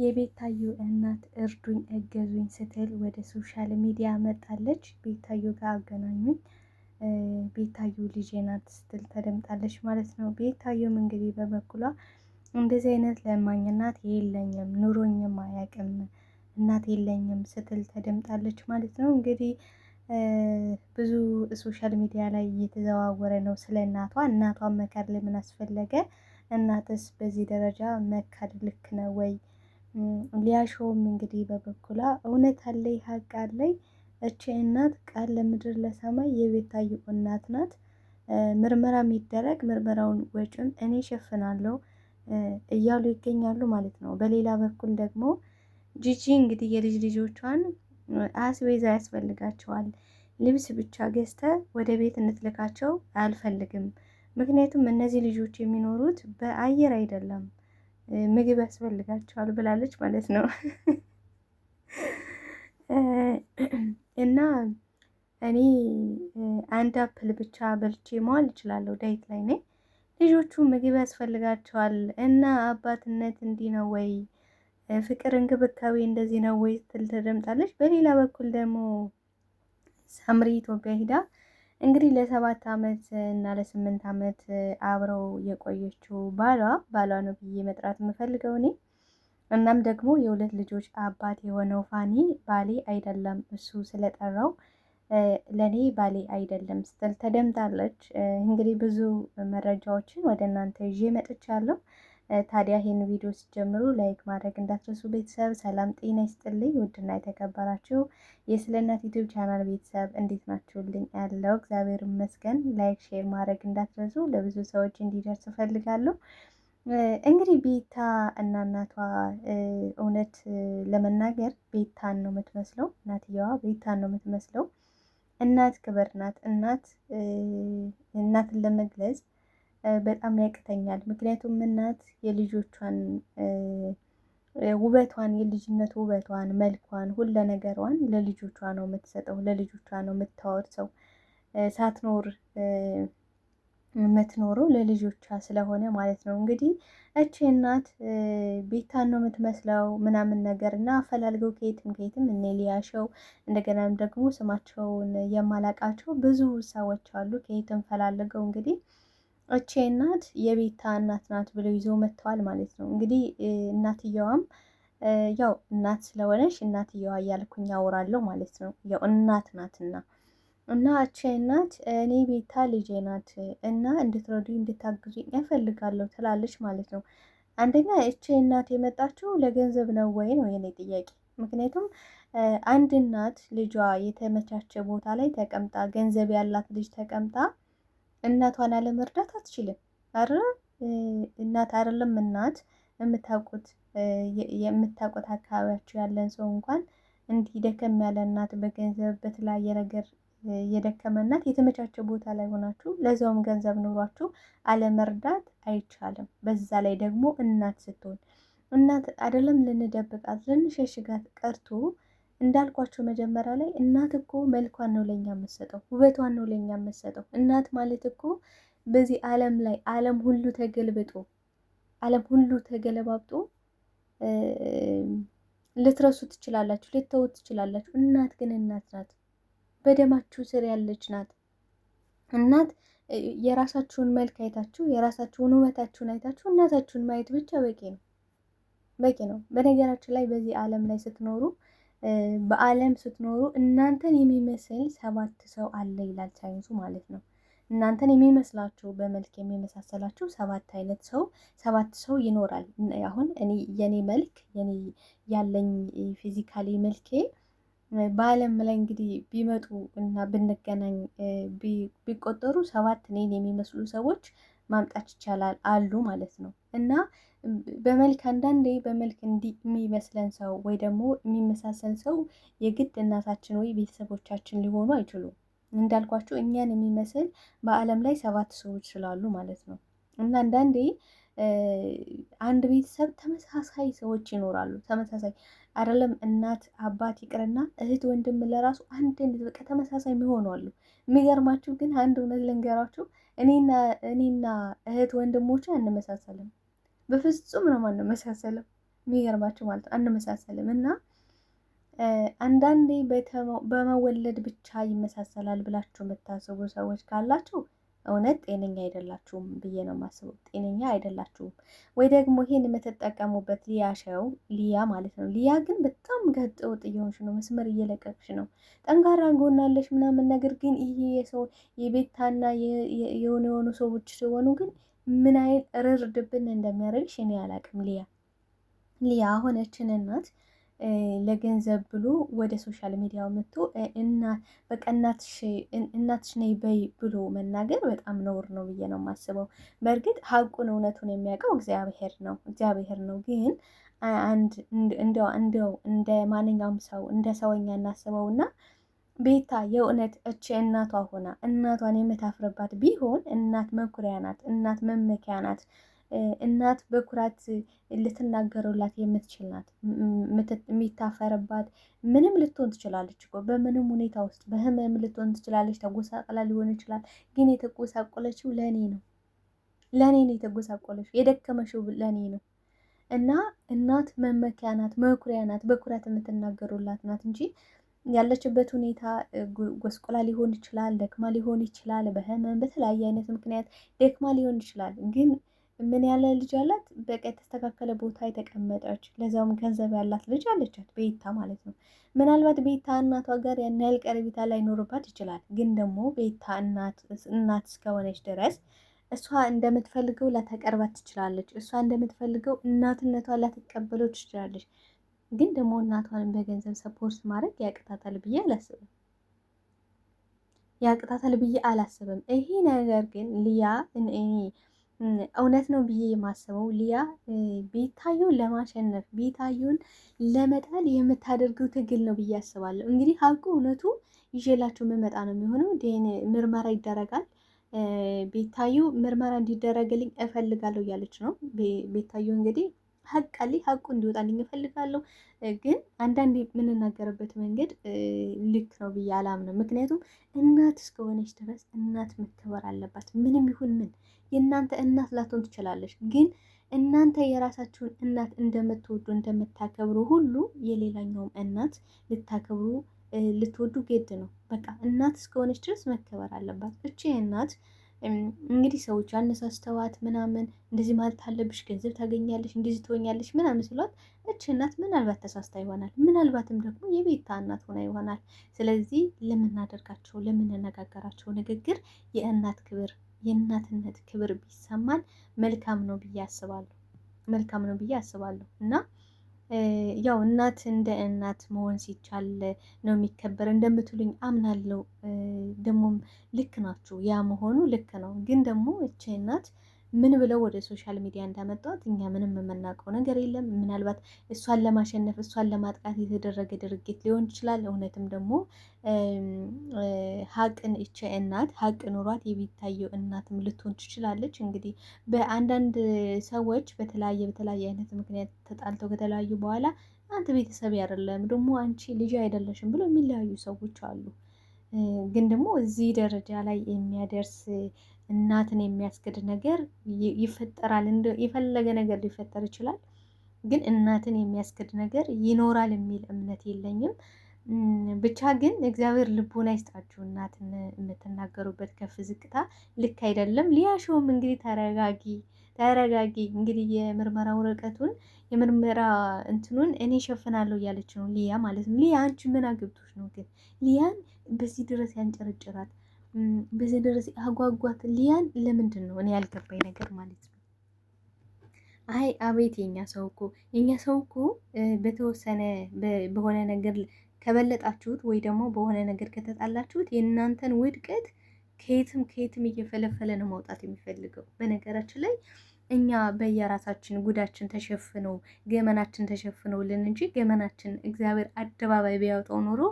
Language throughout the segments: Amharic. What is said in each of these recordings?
የቤታዮ እናት እርዱኝ እገዙኝ ስትል ወደ ሶሻል ሚዲያ መጣለች። ቤታዩ ጋር አገናኙኝ። ቤታዮ ልጄ ናት ስትል ተደምጣለች ማለት ነው። ቤታዩም እንግዲህ በበኩሏ እንደዚህ አይነት ለማኝ እናት የለኝም፣ ኑሮኝም አያውቅም፣ እናት የለኝም ስትል ተደምጣለች ማለት ነው። እንግዲህ ብዙ ሶሻል ሚዲያ ላይ እየተዘዋወረ ነው ስለ እናቷ። እናቷን መካድ ለምን አስፈለገ? እናትስ በዚህ ደረጃ መካድ ልክ ነው ወይ? ሊያሾውም እንግዲህ በበኩሏ እውነት አለ ሀቅ አለኝ እቺ እናት ቃል ለምድር ለሰማይ የቤታዮ እናት ናት። ምርመራ የሚደረግ ምርመራውን ወጪውን እኔ ሸፍናለሁ እያሉ ይገኛሉ ማለት ነው። በሌላ በኩል ደግሞ ጂጂ እንግዲህ የልጅ ልጆቿን አስቤዛ ያስፈልጋቸዋል። ልብስ ብቻ ገዝተ ወደ ቤት እንትልካቸው አልፈልግም። ምክንያቱም እነዚህ ልጆች የሚኖሩት በአየር አይደለም። ምግብ ያስፈልጋቸዋል ብላለች ማለት ነው። እና እኔ አንድ አፕል ብቻ በልቼ መዋል እችላለሁ፣ ዳይት ላይ ነኝ። ልጆቹ ምግብ ያስፈልጋቸዋል እና አባትነት እንዲህ ነው ወይ ፍቅር እንክብካቤ እንደዚህ ነው ወይ ስትል ተደምጣለች። በሌላ በኩል ደግሞ ሳምሪ ኢትዮጵያ ሂዳ እንግዲህ ለሰባት ዓመት እና ለስምንት ዓመት አብረው የቆየችው ባሏ ባሏ ነው ብዬ መጥራት የምፈልገው እኔ። እናም ደግሞ የሁለት ልጆች አባት የሆነው ፋኒ ባሌ አይደለም እሱ ስለጠራው ለእኔ ባሌ አይደለም ስትል ተደምጣለች። እንግዲህ ብዙ መረጃዎችን ወደ እናንተ ይዤ መጥቻለሁ። ታዲያ ይህን ቪዲዮ ሲጀምሩ ላይክ ማድረግ እንዳትረሱ። ቤተሰብ ሰላም ጤና ይስጥልኝ። ውድና የተከበራችሁ የስለእናት ዩቲዩብ ቻናል ቤተሰብ እንዴት ናችሁልኝ? ያለው እግዚአብሔር ይመስገን። ላይክ ሼር ማድረግ እንዳትረሱ፣ ለብዙ ሰዎች እንዲደርስ እፈልጋለሁ። እንግዲህ ቤታ እና እናቷ እውነት ለመናገር ቤታን ነው የምትመስለው። እናትየዋ ቤታን ነው የምትመስለው። እናት ክብር ናት። እናት እናትን ለመግለጽ በጣም ያቅተኛል። ምክንያቱም እናት የልጆቿን ውበቷን የልጅነት ውበቷን መልኳን ሁለ ነገሯን ለልጆቿ ነው የምትሰጠው ለልጆቿ ነው የምታወርሰው። ሳትኖር የምትኖረው ለልጆቿ ስለሆነ ማለት ነው። እንግዲህ እቺ እናት ቤታን ነው የምትመስለው ምናምን ነገር እና አፈላልገው ከየትም ከየትም እነ ሊያሸው እንደገናም ደግሞ ስማቸውን የማላቃቸው ብዙ ሰዎች አሉ። ከየትም ፈላልገው እንግዲህ እቼ እናት የቤታ እናት ናት ብለው ይዞ መጥተዋል ማለት ነው። እንግዲህ እናትየዋም ያው እናት ስለሆነች እናትየዋ እያልኩኝ አውራለሁ ማለት ነው። ያው እናት ናትና እና እቼ እናት እኔ ቤታ ልጄ ናት እና እንድትረዱኝ እንድታግዙኝ እፈልጋለሁ ትላለች ማለት ነው። አንደኛ እቺ እናት የመጣችው ለገንዘብ ነው ወይ ነው የኔ ጥያቄ። ምክንያቱም አንድ እናት ልጇ የተመቻቸ ቦታ ላይ ተቀምጣ ገንዘብ ያላት ልጅ ተቀምጣ እናቷን አለመርዳት አትችልም። አረ እናት አይደለም እናት የምታውቁት የምታውቁት አካባቢያችሁ ያለን ሰው እንኳን እንዲህ ደከም ያለ እናት በገንዘብ በተለያየ ነገር የደከመ እናት የተመቻቸ ቦታ ላይ ሆናችሁ ለዚያውም ገንዘብ ኑሯችሁ አለመርዳት አይቻልም። በዛ ላይ ደግሞ እናት ስትሆን እናት አይደለም ልንደብቃት ልንሸሽጋት ቀርቶ እንዳልኳቸው መጀመሪያ ላይ እናት እኮ መልኳን ነው ለኛ የምትሰጠው፣ ውበቷን ነው ለኛ የምትሰጠው። እናት ማለት እኮ በዚህ ዓለም ላይ ዓለም ሁሉ ተገልብጦ ዓለም ሁሉ ተገለባብጦ ልትረሱ ትችላላችሁ፣ ልትተውት ትችላላችሁ። እናት ግን እናት ናት፣ በደማችሁ ስር ያለች ናት። እናት የራሳችሁን መልክ አይታችሁ የራሳችሁን ውበታችሁን አይታችሁ እናታችሁን ማየት ብቻ በቂ ነው፣ በቂ ነው። በነገራችን ላይ በዚህ ዓለም ላይ ስትኖሩ በዓለም ስትኖሩ እናንተን የሚመስል ሰባት ሰው አለ ይላል ሳይንሱ ማለት ነው። እናንተን የሚመስላችሁ በመልክ የሚመሳሰላችሁ ሰባት አይነት ሰው ሰባት ሰው ይኖራል። አሁን እኔ የኔ መልክ የኔ ያለኝ ፊዚካሊ መልኬ በዓለም ላይ እንግዲህ ቢመጡ እና ብንገናኝ ቢቆጠሩ ሰባት እኔን የሚመስሉ ሰዎች ማምጣት ይቻላል አሉ ማለት ነው እና በመልክ አንዳንዴ በመልክ እንዲህ የሚመስለን ሰው ወይ ደግሞ የሚመሳሰል ሰው የግድ እናታችን ወይ ቤተሰቦቻችን ሊሆኑ አይችሉም። እንዳልኳቸው እኛን የሚመስል በዓለም ላይ ሰባት ሰዎች ስላሉ ማለት ነው። እና አንዳንዴ አንድ ቤተሰብ ተመሳሳይ ሰዎች ይኖራሉ። ተመሳሳይ አይደለም እናት አባት ይቅርና እህት ወንድም ለራሱ አንድ በቃ ተመሳሳይ የሚሆኑ አሉ። የሚገርማችሁ ግን አንድ እውነት ልንገራችሁ፣ እኔና እህት ወንድሞቼ አንመሳሰልም። በፍጹም ነው ማለት ነው መሳሰልም የሚገርማቸው ማለት ነው አንመሳሰልም። እና አንዳንዴ በመወለድ ብቻ ይመሳሰላል ብላችሁ የምታስቡ ሰዎች ካላችሁ እውነት ጤነኛ አይደላችሁም ብዬ ነው የማስበው። ጤነኛ አይደላችሁም ወይ ደግሞ ይሄን የምትጠቀሙበት ሊያ ሸው ሊያ ማለት ነው። ሊያ ግን በጣም ገጥ ውጥ እየሆንሽ ነው፣ መስመር እየለቀቅሽ ነው። ጠንካራ እንጎናለሽ ምናምን ነገር ግን ይሄ የሰው የቤታና የሆኑ የሆኑ ሰዎች ሲሆኑ ግን ምን አይል ርር ድብን እንደሚያደርግሽ እኔ አላቅም። ሊያ ሊያ አሁን እናት ለገንዘብ ብሎ ወደ ሶሻል ሚዲያው መጥቶ በቃ እናትሽ ነይ በይ ብሎ መናገር በጣም ነውር ነው ብዬ ነው የማስበው። በእርግጥ ሀቁን እውነቱን የሚያውቀው እግዚአብሔር ነው እግዚአብሔር ነው ግን አንድ እንደው እንደ ማንኛውም ሰው እንደ ሰውኛ እናስበውና ቤታ የእውነት እቼ እናቷ ሆና እናቷን የምታፍርባት ቢሆን እናት መኩሪያ ናት፣ እናት መመኪያ ናት፣ እናት በኩራት ልትናገሩላት የምትችል ናት። የሚታፈርባት ምንም ልትሆን ትችላለች እኮ በምንም ሁኔታ ውስጥ በህመም ልትሆን ትችላለች። ተጎሳቅላ ሊሆን ይችላል። ግን የተጎሳቆለችው ለእኔ ነው፣ ለእኔ ነው የተጎሳቆለችው፣ የደከመችው ለእኔ ነው። እና እናት መመኪያ ናት፣ መኩሪያ ናት፣ በኩራት የምትናገሩላት ናት እንጂ ያለችበት ሁኔታ ጎስቆላ ሊሆን ይችላል፣ ደክማ ሊሆን ይችላል፣ በህመም በተለያየ አይነት ምክንያት ደክማ ሊሆን ይችላል። ግን ምን ያለ ልጅ አላት? በቃ የተስተካከለ ቦታ የተቀመጠች ለዚያውም ገንዘብ ያላት ልጅ አለቻት፣ ቤታ ማለት ነው። ምናልባት ቤታ እናቷ ጋር ያን ያህል ቀረቤታ ላይኖርባት ይችላል። ግን ደግሞ ቤታ እናት እስከሆነች ድረስ እሷ እንደምትፈልገው ላተቀርባት ትችላለች። እሷ እንደምትፈልገው እናትነቷ ላትቀበለው ትችላለች። ግን ደግሞ እናቷንም በገንዘብ ሰፖርት ማድረግ ያቅታታል ብዬ አላስብም። ያቅታታል ብዬ አላስብም። ይሄ ነገር ግን ሊያ እውነት ነው ብዬ የማስበው ሊያ ቤታዩን ለማሸነፍ ቤታዩን ለመጣል የምታደርገው ትግል ነው ብዬ አስባለሁ። እንግዲህ ሀቁ እውነቱ ይዤላችሁ መመጣ ነው የሚሆነው። ምርመራ ይደረጋል። ቤታዩ ምርመራ እንዲደረግልኝ እፈልጋለሁ እያለች ነው ቤታዩ እንግዲህ ሀቅ አለኝ። ሀቁ እንዲወጣልኝ እፈልጋለሁ። ግን አንዳንድ የምንናገርበት መንገድ ልክ ነው ብዬ አላምነው። ምክንያቱም እናት እስከሆነች ድረስ እናት መከበር አለባት። ምንም ይሁን ምን የእናንተ እናት ላትሆን ትችላለች። ግን እናንተ የራሳችሁን እናት እንደምትወዱ እንደምታከብሩ ሁሉ የሌላኛውም እናት ልታከብሩ ልትወዱ ግድ ነው። በቃ እናት እስከሆነች ድረስ መከበር አለባት። እቺ እናት እንግዲህ ሰዎች አነሳስተዋት ምናምን እንደዚህ ማለት አለብሽ፣ ገንዘብ ታገኛለሽ፣ እንደዚህ ትሆኛለሽ ምናምን ስሏት እች እናት ምናልባት ተሳስታ ይሆናል። ምናልባትም ደግሞ የቤታ እናት ሆና ይሆናል። ስለዚህ ለምናደርጋቸው ለምንነጋገራቸው ንግግር የእናት ክብር የእናትነት ክብር ቢሰማን መልካም ነው ብዬ አስባለሁ። መልካም ነው ብዬ አስባለሁ እና ያው እናት እንደ እናት መሆን ሲቻል ነው የሚከበር እንደምትሉኝ አምናለው ደግሞም ልክ ናችሁ። ያ መሆኑ ልክ ነው። ግን ደግሞ እቺ እናት ምን ብለው ወደ ሶሻል ሚዲያ እንዳመጧት እኛ ምንም የምናውቀው ነገር የለም። ምናልባት እሷን ለማሸነፍ እሷን ለማጥቃት የተደረገ ድርጊት ሊሆን ይችላል። እውነትም ደግሞ ሀቅን እቸ እናት ሀቅ ኑሯት የሚታየው እናትም ልትሆን ትችላለች። እንግዲህ በአንዳንድ ሰዎች በተለያየ በተለያየ አይነት ምክንያት ተጣልተው ከተለያዩ በኋላ አንተ ቤተሰብ አይደለም ደግሞ አንቺ ልጅ አይደለሽም ብሎ የሚለያዩ ሰዎች አሉ። ግን ደግሞ እዚህ ደረጃ ላይ የሚያደርስ እናትን የሚያስገድ ነገር ይፈጠራል። የፈለገ ነገር ሊፈጠር ይችላል፣ ግን እናትን የሚያስገድ ነገር ይኖራል የሚል እምነት የለኝም። ብቻ ግን እግዚአብሔር ልቦና ይስጣችሁ። እናትን የምትናገሩበት ከፍ ዝቅታ ልክ አይደለም። ሊያሾም እንግዲህ ተረጋጊ ተረጋጊ፣ እንግዲህ የምርመራ ወረቀቱን የምርመራ እንትኑን እኔ ሸፍናለሁ እያለች ነው ሊያ ማለት ነው። ሊያ አንቺ ምን አግብቶች ነው ግን ሊያን በዚህ ድረስ ያንጨረጭራት፣ በዚህ ድረስ አጓጓት ሊያን ለምንድን ነው እኔ ያልገባኝ ነገር ማለት ነው። አይ አቤት የኛ ሰው እኮ የኛ ሰው እኮ በተወሰነ በሆነ ነገር ከበለጣችሁት ወይ ደግሞ በሆነ ነገር ከተጣላችሁት የእናንተን ውድቀት ከየትም ከየትም እየፈለፈለ ነው መውጣት የሚፈልገው። በነገራችን ላይ እኛ በየራሳችን ጉዳችን ተሸፍኖ ገመናችን ተሸፍኖልን እንጂ ገመናችን እግዚአብሔር አደባባይ ቢያወጣው ኖሮ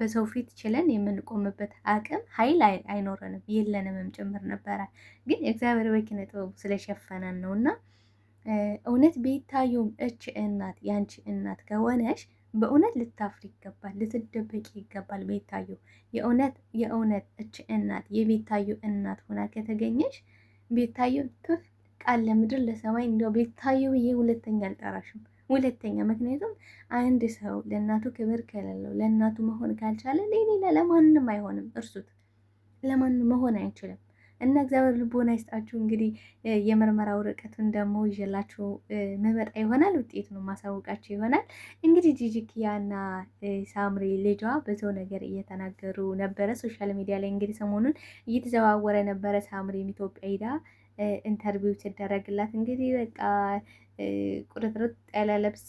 በሰው ፊት ችለን የምንቆምበት አቅም ኃይል አይኖረንም የለንምም ጭምር ነበረ። ግን እግዚአብሔር በኪነ ጥበቡ ስለሸፈነን ነው እና እውነት ቤታዩም እች እናት ያንቺ እናት ከሆነሽ በእውነት ልታፍር ይገባል፣ ልትደበቂ ይገባል። ቤታዩ የእውነት የእውነት እች እናት የቤታዩ እናት ሆና ከተገኘች ቤታዩ ትፍ ቃል ምድር ለሰማይ እንደ ቤታዩ ብዬ ሁለተኛ አልጠራሽም። ሁለተኛ ምክንያቱም አንድ ሰው ለእናቱ ክብር ከሌለው ለእናቱ መሆን ካልቻለ ሌላ ለማንም አይሆንም። እርሱት ለማንም መሆን አይችልም። እና እግዚአብሔር ልቦና ይስጣችሁ። እንግዲህ የምርመራ ወረቀቱን ደግሞ ይዤላችሁ መመጣ ይሆናል። ውጤቱን ማሳወቃችሁ ይሆናል። እንግዲህ ጂጂኪያና ሳምሪ ልጇ ብዙ ነገር እየተናገሩ ነበረ። ሶሻል ሚዲያ ላይ እንግዲህ ሰሞኑን እየተዘዋወረ ነበረ። ሳምሪም ኢትዮጵያ ሄዳ ኢንተርቪው ሲደረግላት እንግዲህ በቃ ቁርጥርጥ ያለ ልብስ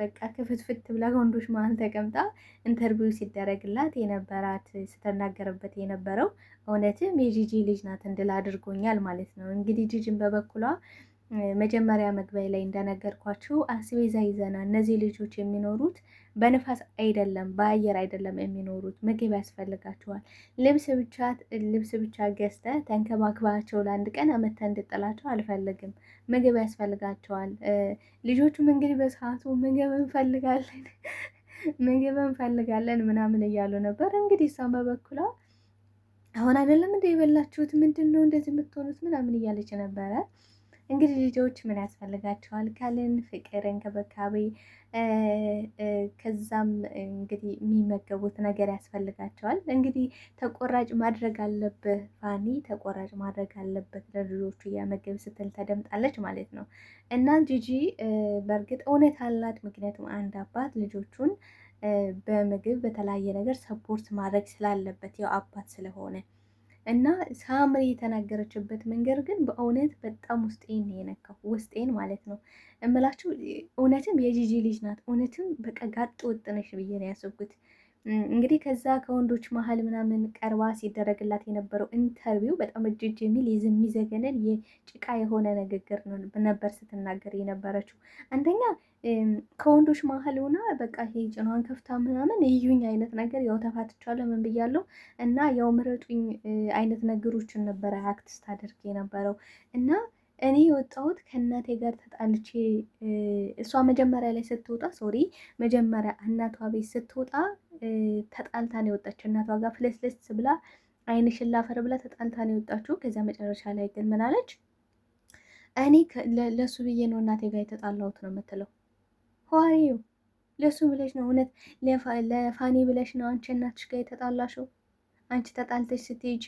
በቃ ክፍትፍት ብላ ወንዶች መሀል ተቀምጣ ኢንተርቪው ሲደረግላት የነበራት ስትናገርበት የነበረው እውነትም የጂጂ ልጅ ናት እንድል አድርጎኛል ማለት ነው። እንግዲህ ጂጂን በበኩሏ መጀመሪያ መግቢያ ላይ እንደነገርኳችሁ አስቤዛ ይዘና እነዚህ ልጆች የሚኖሩት በንፋስ አይደለም፣ በአየር አይደለም የሚኖሩት። ምግብ ያስፈልጋቸዋል። ልብስ ብቻ ልብስ ብቻ ገዝተ ተንከባክባቸው ለአንድ ቀን አመተ እንድጥላቸው አልፈልግም። ምግብ ያስፈልጋቸዋል። ልጆቹም እንግዲህ በሰዓቱ ምግብ እንፈልጋለን፣ ምግብ እንፈልጋለን ምናምን እያሉ ነበር። እንግዲህ እሷም በበኩሏ አሁን አይደለም እንደ የበላችሁት ምንድን ነው እንደዚህ የምትሆኑት ምናምን እያለች ነበረ እንግዲህ ልጆች ምን ያስፈልጋቸዋል ካልን ፍቅር፣ እንክብካቤ ከዛም እንግዲህ የሚመገቡት ነገር ያስፈልጋቸዋል። እንግዲህ ተቆራጭ ማድረግ አለብህ ፋኒ፣ ተቆራጭ ማድረግ አለበት ለልጆቹ እያመገብ ስትል ተደምጣለች ማለት ነው። እና ጂጂ በእርግጥ እውነት አላት። ምክንያቱም አንድ አባት ልጆቹን በምግብ በተለያየ ነገር ሰፖርት ማድረግ ስላለበት ያው አባት ስለሆነ እና ሳምሪ የተናገረችበት መንገድ ግን በእውነት በጣም ውስጤን ነው የነካው። ውስጤን ማለት ነው እምላችሁ። እውነትም የጂጂ ልጅ ናት። እውነትም በቃ ጋጥ ወጥነሽ ብዬ ነው ያሰብኩት። እንግዲህ ከዛ ከወንዶች መሀል ምናምን ቀርባ ሲደረግላት የነበረው ኢንተርቪው በጣም እጅጅ የሚል የሚዘገነን የጭቃ የሆነ ንግግር ነበር ስትናገር የነበረችው። አንደኛ ከወንዶች መሀል ሆና በቃ ይሄ ጭኗን ከፍታ ምናምን ይዩኝ አይነት ነገር ያው ተፋትቻለሁ ምን ብያለሁ እና ያው ምረጡኝ አይነት ነገሮችን ነበረ አክት ስታደርግ የነበረው እና እኔ የወጣሁት ከእናቴ ጋር ተጣልቼ እሷ መጀመሪያ ላይ ስትወጣ ሶሪ መጀመሪያ እናቷ ቤት ስትወጣ ተጣልታ ነው የወጣችው። እናቷ ጋር ፍለስለስ ብላ አይንሽን ላፈር ብላ ተጣልታ ነው የወጣችው። ከዚያ መጨረሻ ላይ ግን ምን አለች? እኔ ለእሱ ብዬ ነው እናቴ ጋር የተጣላሁት ነው የምትለው። ሆዋሪው ለእሱ ብለሽ ነው እውነት ለፋኒ ብለሽ ነው አንቺ እናትሽ ጋር የተጣላሽው? አንቺ ተጣልተሽ ስትሄጅ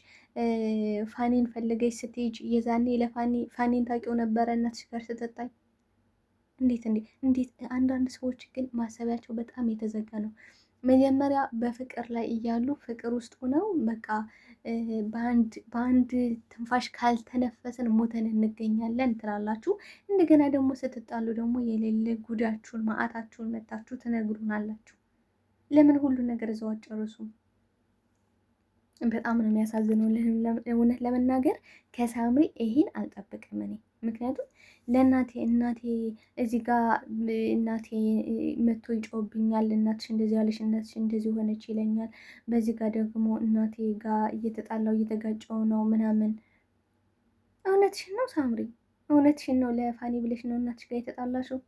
ፋኔን ፈልገሽ ስትሄጅ የዛኔ ለፋኔ ፋኔን ታውቂው ነበረ እናትሽ ጋር ስትጣይ እንዴት እንዴት እንዴት! አንዳንድ ሰዎች ግን ማሰቢያቸው በጣም የተዘጋ ነው። መጀመሪያ በፍቅር ላይ እያሉ ፍቅር ውስጥ ሆነው በቃ በአንድ ትንፋሽ ካልተነፈስን ሞተን እንገኛለን ትላላችሁ። እንደገና ደግሞ ስትጣሉ ደግሞ የሌለ ጉዳችሁን ማዕታችሁን መታችሁ ትነግሩናላችሁ። ለምን ሁሉ ነገር እዛው አጨርሱም? በጣም ነው የሚያሳዝነው። እውነት ለመናገር ከሳምሪ ይሄን አልጠብቅም እኔ ምክንያቱም ለእናቴ እናቴ እዚህ ጋ እናቴ መቶ ይጮብኛል። እናትሽ እንደዚህ ያለሽ፣ እናትሽ እንደዚህ ሆነች ይለኛል። በዚህ ጋ ደግሞ እናቴ ጋ እየተጣላው እየተጋጨው ነው ምናምን። እውነትሽን ነው ሳምሪ፣ እውነትሽን ነው። ለፋኒ ብለሽ ነው እናትሽ ጋር የተጣላሽው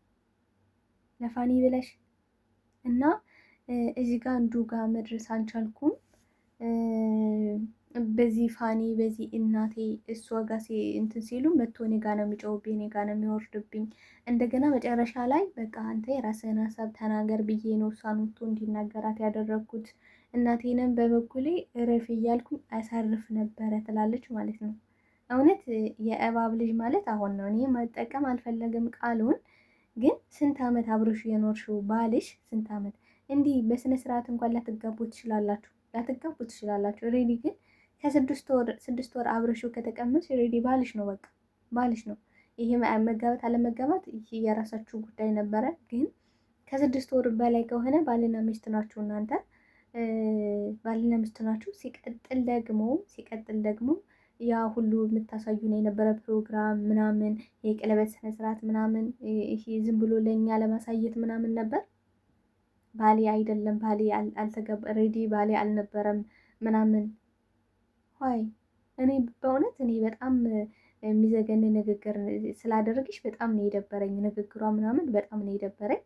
ለፋኒ ብለሽ እና እዚህ ጋ አንዱ ጋ መድረስ አልቻልኩም በዚህ ፋኒ በዚህ እናቴ እሷ ጋ እንትን ሲሉ መቶ እኔ ጋ ነው የሚጨውብኝ፣ እኔ ጋ ነው የሚወርድብኝ። እንደገና መጨረሻ ላይ በቃ አንተ የራስህን ሀሳብ ተናገር ብዬ ነው እሷን ወጥቶ እንዲናገራት ያደረግኩት። እናቴንም በበኩሌ እረፍ እያልኩኝ አሳርፍ ነበረ ትላለች ማለት ነው። እውነት የእባብ ልጅ ማለት አሁን ነው። እኔ መጠቀም አልፈለግም ቃሉን፣ ግን ስንት ዓመት አብሮሽ የኖርሽው ባልሽ ስንት ዓመት እንዲህ በስነስርዓት እንኳን ላትጋቡ ትችላላችሁ ላትጋቡ ትችላላችሁ። ሬዲ ግን ከስድስት ወር ስድስት ወር አብረሽው ከተቀመጥሽ ሬዲ ባልሽ ነው፣ በቃ ባልሽ ነው። ይሄ መጋባት አለመጋባት የራሳችሁ ጉዳይ ነበረ። ግን ከስድስት ወር በላይ ከሆነ ባልና ሚስት ናችሁ እናንተ ባልና ሚስት ናችሁ። ሲቀጥል ደግሞ ሲቀጥል ደግሞ ያ ሁሉ የምታሳዩ ነው የነበረ ፕሮግራም ምናምን የቀለበት ስነስርዓት ምናምን ይሄ ዝም ብሎ ለእኛ ለማሳየት ምናምን ነበር። ባሌ አይደለም ባሌ አልተገባ ሬዲ ባሌ አልነበረም ምናምን ይ እኔ በእውነት እኔ በጣም የሚዘገን ንግግር ስላደረግሽ በጣም ነው የደበረኝ። ንግግሯ ምናምን በጣም ነው የደበረኝ።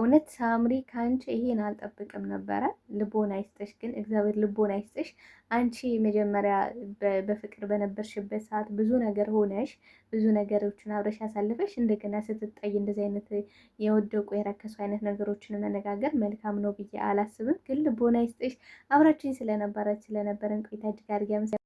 እውነት ሳምሪ ከአንቺ ይሄን አልጠብቅም ነበረ። ልቦን ይስጥሽ፣ ግን እግዚአብሔር ልቦን ይስጥሽ። አንቺ መጀመሪያ በፍቅር በነበርሽበት ሰዓት ብዙ ነገር ሆነሽ ብዙ ነገሮችን አብረሽ ያሳልፈሽ፣ እንደገና ስትጠይ እንደዚህ አይነት የወደቁ የረከሱ አይነት ነገሮችን መነጋገር መልካም ነው ብዬ አላስብም። ግን ልቦን ይስጥሽ። አብራችን ስለነበረች ስለነበረን ቆይታ ድጋር